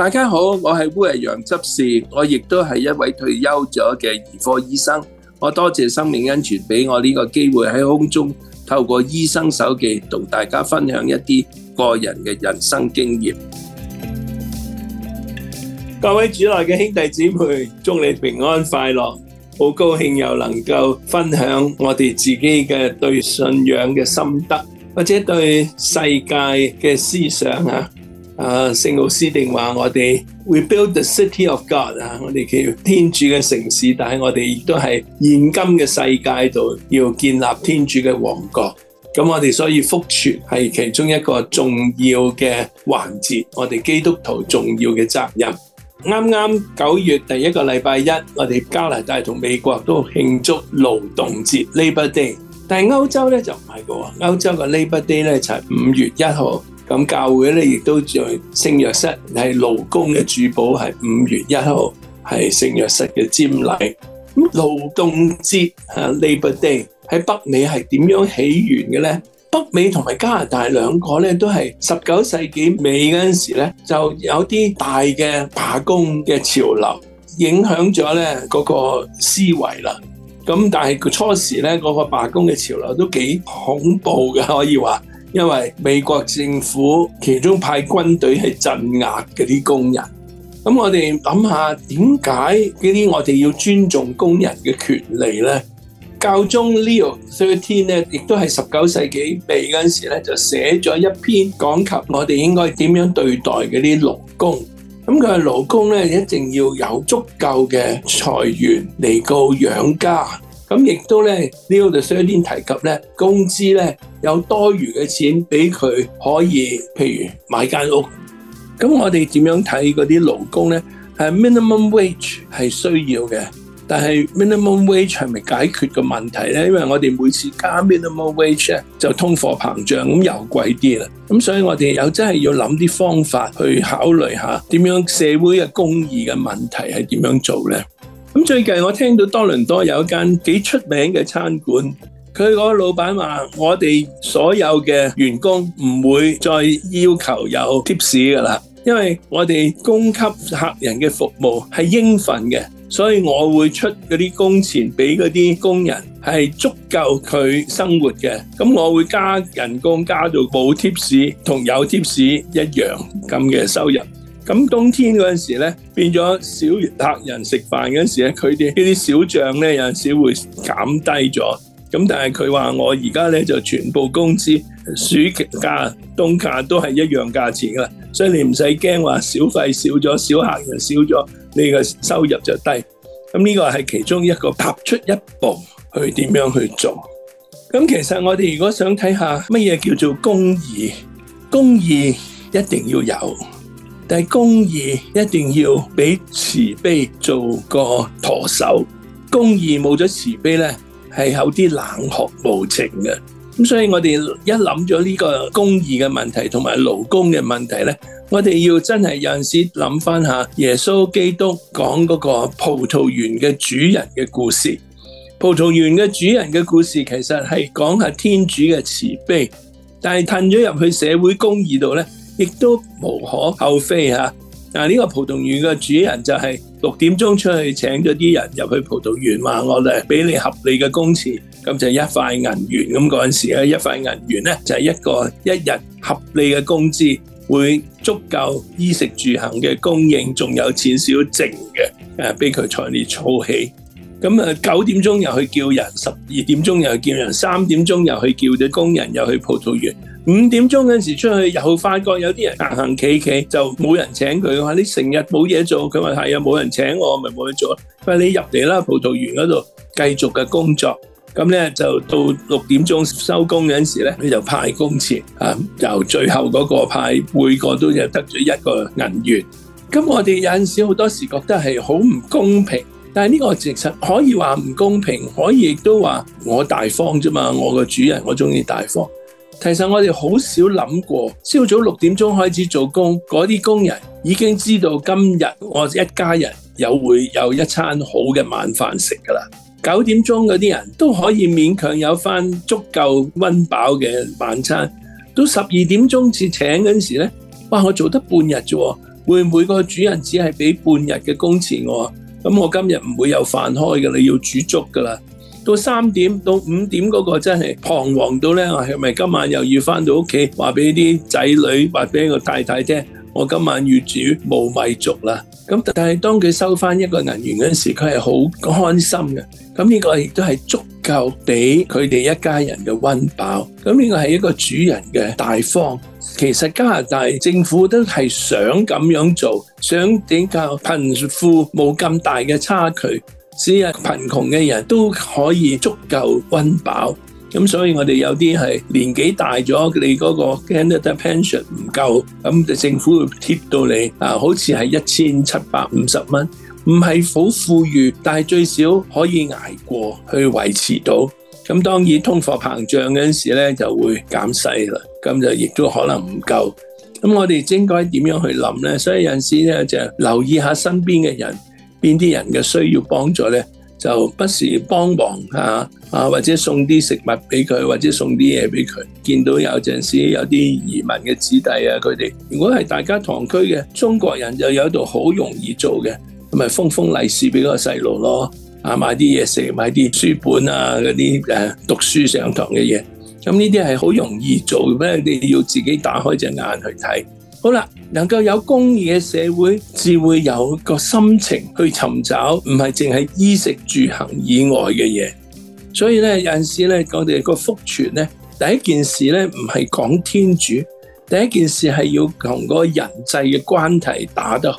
大家好，我係烏羊執事，我亦都係一位退休咗嘅兒科醫生。我多謝生命恩泉俾我呢個機會喺空中透過醫生手記同大家分享一啲個人嘅人生經驗。各位主內嘅兄弟姊妹，祝你平安快樂。好高興又能夠分享我哋自己嘅對信仰嘅心得，或者對世界嘅思想啊！啊，聖奧斯定話我哋 we build the city of God 啊，我哋叫天主嘅城市，但係我哋亦都係現今嘅世界度要建立天主嘅王國。咁我哋所以福傳係其中一個重要嘅環節，我哋基督徒重要嘅責任。啱啱九月第一個禮拜一，我哋加拿大同美國都慶祝勞動節 Labor Day，但係歐洲呢就唔係嘅喎，歐洲嘅 Labor Day 呢就係五月一號。咁教會咧，亦都做聖約瑟係勞工嘅主保，係五月一號係聖約瑟嘅瞻禮。咁勞動節啊，Labor Day 喺北美係點樣起源嘅咧？北美同埋加拿大兩個咧，都係十九世紀尾嗰陣時咧，就有啲大嘅罷工嘅潮流，影響咗咧嗰個思維啦。咁但係初時咧，嗰個罷工嘅潮流都幾恐怖嘅，可以話。因為美國政府其中派軍隊係鎮壓嗰啲工人，咁我哋諗下點解嗰啲我哋要尊重工人嘅權利咧？教宗 Leo XIII 咧，亦都係十九世紀尾嗰陣時咧，就寫咗一篇講及我哋應該點樣對待嗰啲勞工。咁佢嘅勞工咧，一定要有足夠嘅財源嚟到養家。咁亦都咧，呢個就一年提及咧，工資咧有多餘嘅錢俾佢可以，譬如買間屋。咁我哋點樣睇嗰啲勞工咧？係 minimum wage 係需要嘅，但係 minimum wage 係咪解決個問題咧？因為我哋每次加 minimum wage 咧，就通貨膨脹咁又貴啲啦。咁所以我哋又真係要諗啲方法去考慮下，點樣社會嘅公義嘅問題係點樣做咧？最近我聽到多倫多有一間幾出名嘅餐館，佢嗰個老闆話：我哋所有嘅員工唔會再要求有貼士㗎喇，因為我哋供給客人嘅服務係應份嘅，所以我會出嗰啲工錢俾嗰啲工人，係足夠佢生活嘅。咁我會加人工加到冇貼士同有貼士一樣咁嘅收入。咁冬天嗰陣時咧，變咗少客人食飯嗰陣時咧，佢哋呢啲小帳咧有陣時會減低咗。咁但係佢話我而家咧就全部工資，暑期假、冬假都係一樣價錢㗎喇，所以你唔使驚話小費少咗、少客人少咗，你個收入就低。咁呢個係其中一個踏出一步去點樣去做。咁其實我哋如果想睇下乜嘢叫做公義，公義一定要有。但係公義一定要俾慈悲做個舵手，公義冇咗慈悲呢，係有啲冷酷無情嘅。咁所以我哋一諗咗呢個公義嘅問題同埋勞工嘅問題呢，我哋要真係有陣時諗翻下耶穌基督講嗰個葡萄園嘅主人嘅故事。葡萄園嘅主人嘅故事其實係講下天主嘅慈悲，但係褪咗入去社會公義度呢。亦都無可厚非嚇，但係呢個葡萄園嘅主人就係六點鐘出去請咗啲人入去葡萄園，話我哋俾你合理嘅工錢，咁就一塊銀元咁嗰陣時啦，一塊銀元咧就係一個一日合理嘅工資，會足夠衣食住行嘅供應，仲有錢少剩嘅，誒俾佢財力儲起。咁啊，九點鐘又去叫人，十二點鐘又去叫人，三點鐘又去叫啲工人又去葡萄園。五點鐘嗰陣時出去，又發覺有啲人行行企企，就冇人請佢，話，你成日冇嘢做？佢話係啊，冇人請我，咪冇嘢做啦。佢話你入嚟啦，葡萄園嗰度繼續嘅工作。咁咧就到六點鐘收工嗰陣時咧，你就派工錢啊，由最後嗰個派，每個都就得咗一個銀元。咁我哋有陣時好多時覺得係好唔公平，但係呢個其實可以話唔公平，可以亦都話我大方啫嘛。我個主人，我中意大方。其實我哋好少諗過，朝早六點鐘開始做工，嗰啲工人已經知道今日我一家人有會有一餐好嘅晚飯食㗎啦。九點鐘嗰啲人都可以勉強有翻足夠温飽嘅晚餐，到十二點鐘至請嗰陣時咧，哇！我做得半日啫，會唔會個主人只係俾半日嘅工錢我？咁我今日唔會有飯開㗎，你要煮粥㗎啦。到三點到五點嗰個真係彷徨到呢。我係咪今晚又要翻到屋企話俾啲仔女話俾個太太聽？我今晚要煮冇米粥啦。咁但係當佢收翻一個銀元嗰陣時，佢係好開心嘅。咁呢個亦都係足夠俾佢哋一家人嘅温飽。咁呢個係一個主人嘅大方。其實加拿大政府都係想咁樣做，想點教貧富冇咁大嘅差距。貧窮嘅人都可以足夠温飽，咁所以我哋有啲係年紀大咗，你嗰個 Canada Pension 唔夠，咁就政府會貼到你啊，好似係一千七百五十蚊，唔係好富裕，但係最少可以捱過去維持到。咁當然通貨膨脹嗰陣時咧，就會減細啦，咁就亦都可能唔夠。咁我哋應該點樣去諗呢？所以有陣時咧就留意下身邊嘅人。邊啲人嘅需要幫助呢？就不時幫忙嚇啊，或者送啲食物俾佢，或者送啲嘢俾佢。見到有陣時有啲移民嘅子弟啊，佢哋如果係大家堂區嘅中國人，就有一度好容易做嘅，咪封封利是俾個細路咯，啊買啲嘢食，買啲書本啊嗰啲誒讀書上堂嘅嘢。咁呢啲係好容易做，咩你要自己打開隻眼去睇。好啦，能夠有公義嘅社會，自會有個心情去尋找，唔係淨係衣食住行以外嘅嘢。所以咧，有陣時咧，我哋個福傳咧，第一件事咧，唔係講天主，第一件事係要同嗰個人際嘅關係打得好。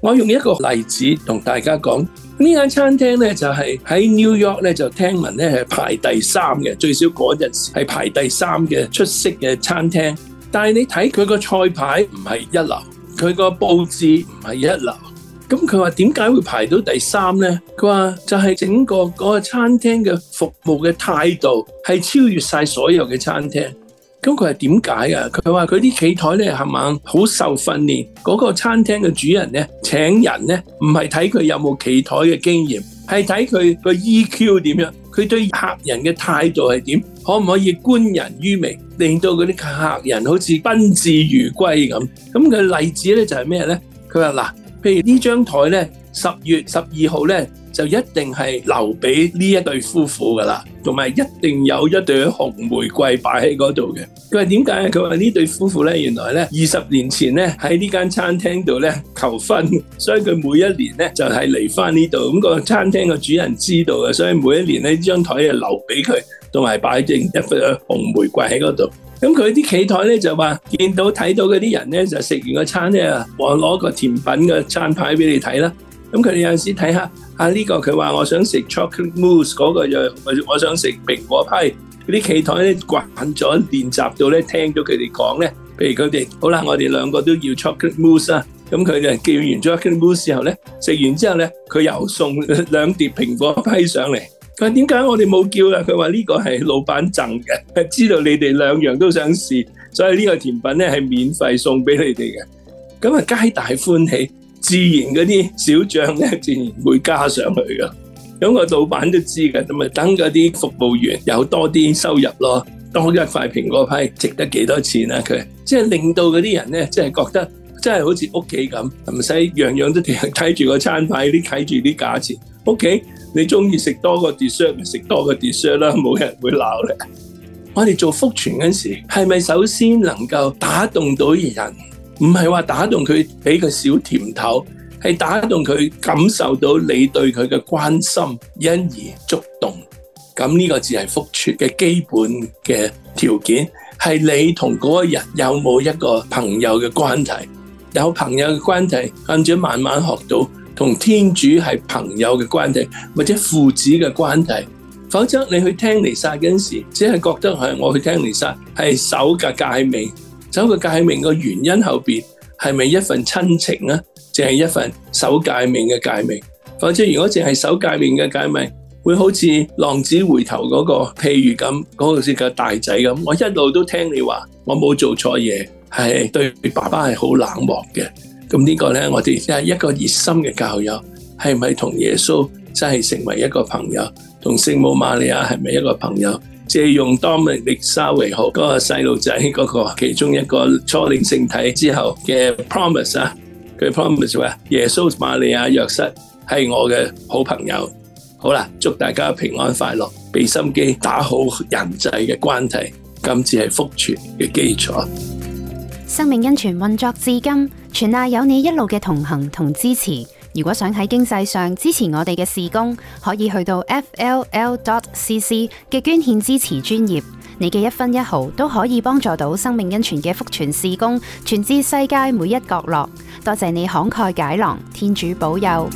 我用一個例子同大家講，呢間餐廳咧就係喺 New York 咧，就聽聞咧係排第三嘅，最少嗰日係排第三嘅出色嘅餐廳。但係你睇佢個菜牌唔係一流，佢個佈置唔係一流，咁佢話點解會排到第三呢？佢話就係整個嗰個餐廳嘅服務嘅態度係超越晒所有嘅餐廳。咁佢係點解啊？佢話佢啲企枱呢係好受訓練，嗰、嗰個餐廳嘅主人呢請人呢唔係睇佢有冇企枱嘅經驗，係睇佢個 EQ 點樣，佢對客人嘅態度係點，可唔可以觀人於微？令到嗰啲客人好似賓至如歸咁，咁嘅例子咧就係咩咧？佢話嗱，譬如呢張台咧，十月十二號咧就一定係留俾呢一對夫婦噶啦，同埋一定有一對紅玫瑰擺喺嗰度嘅。佢話點解咧？佢話呢對夫婦咧，原來咧二十年前咧喺呢間餐廳度咧求婚，所以佢每一年咧就係嚟翻呢度。咁個餐廳個主人知道嘅，所以每一年咧呢張台就留俾佢。都係擺正一盆紅玫瑰喺嗰度，咁佢啲企枱咧就話見到睇到嗰啲人咧就食完個餐咧，我攞個甜品嘅餐牌俾你睇啦。咁佢哋有時睇下啊，呢個佢話我想食 chocolate mousse 嗰個，又我我想食蘋果批。嗰啲企枱咧慣咗練習到咧，聽咗佢哋講咧，譬如佢哋好啦，我哋兩個都要 chocolate mousse 啊。咁佢哋叫完 chocolate mousse 之後咧，食完之後咧，佢又送兩碟蘋果批上嚟。佢話點解我哋冇叫啊？佢話呢個係老闆贈嘅，知道你哋兩樣都想試，所以呢個甜品咧係免費送俾你哋嘅。咁啊，皆大歡喜，自然嗰啲小帳咧自然會加上去噶。咁個老闆都知㗎。咁咪等嗰啲服務員有多啲收入咯，多一塊蘋果批值得幾多錢啊？佢即係令到嗰啲人咧，即係覺得真係好似屋企咁，唔使樣樣都睇住個餐牌啲睇住啲價錢。屋企。你中意食多個 dessert 咪食多個 dessert 啦，冇人會鬧你。我哋做福傳嗰陣時，係咪首先能夠打動到人？唔係話打動佢俾佢小甜頭，係打動佢感受到你對佢嘅關心，因而觸動。咁呢個先係福傳嘅基本嘅條件。係你同嗰個人有冇一個朋友嘅關係？有朋友嘅關係，跟住慢慢學到。同天主係朋友嘅關係，或者父子嘅關係，否則你去聽彌撒嗰陣時，只係覺得係我去聽彌撒係守個誡命。守個誡命嘅原因後面，係咪一份親情呢？定係一份守誡命嘅誡命。否則如果淨係守誡命嘅誡命，會好似浪子回頭嗰個譬喻咁，嗰、嗰個叫大仔咁，我一路都聽你話，我冇做錯嘢，係對爸爸係好冷漠嘅。咁呢個呢，我哋即係一個熱心嘅教友，係咪同耶穌真係成為一個朋友，同聖母瑪利亞係咪一個朋友？借用 Dominic 沙維豪嗰個細路仔嗰個其中一個初領聖體之後嘅 Promise 啊，佢 Promise 話耶穌、瑪利亞、約瑟係我嘅好朋友。好啦，祝大家平安快樂，俾心機打好人際嘅關係，今次係福傳嘅基礎。生命恩泉運作至今，全賴有你一路嘅同行同支持。如果想喺經濟上支持我哋嘅事工，可以去到 fll.cc 嘅捐獻支持專頁，你嘅一分一毫都可以幫助到生命恩泉嘅福傳事工，傳至世界每一角落。多謝你慷慨解囊，天主保佑。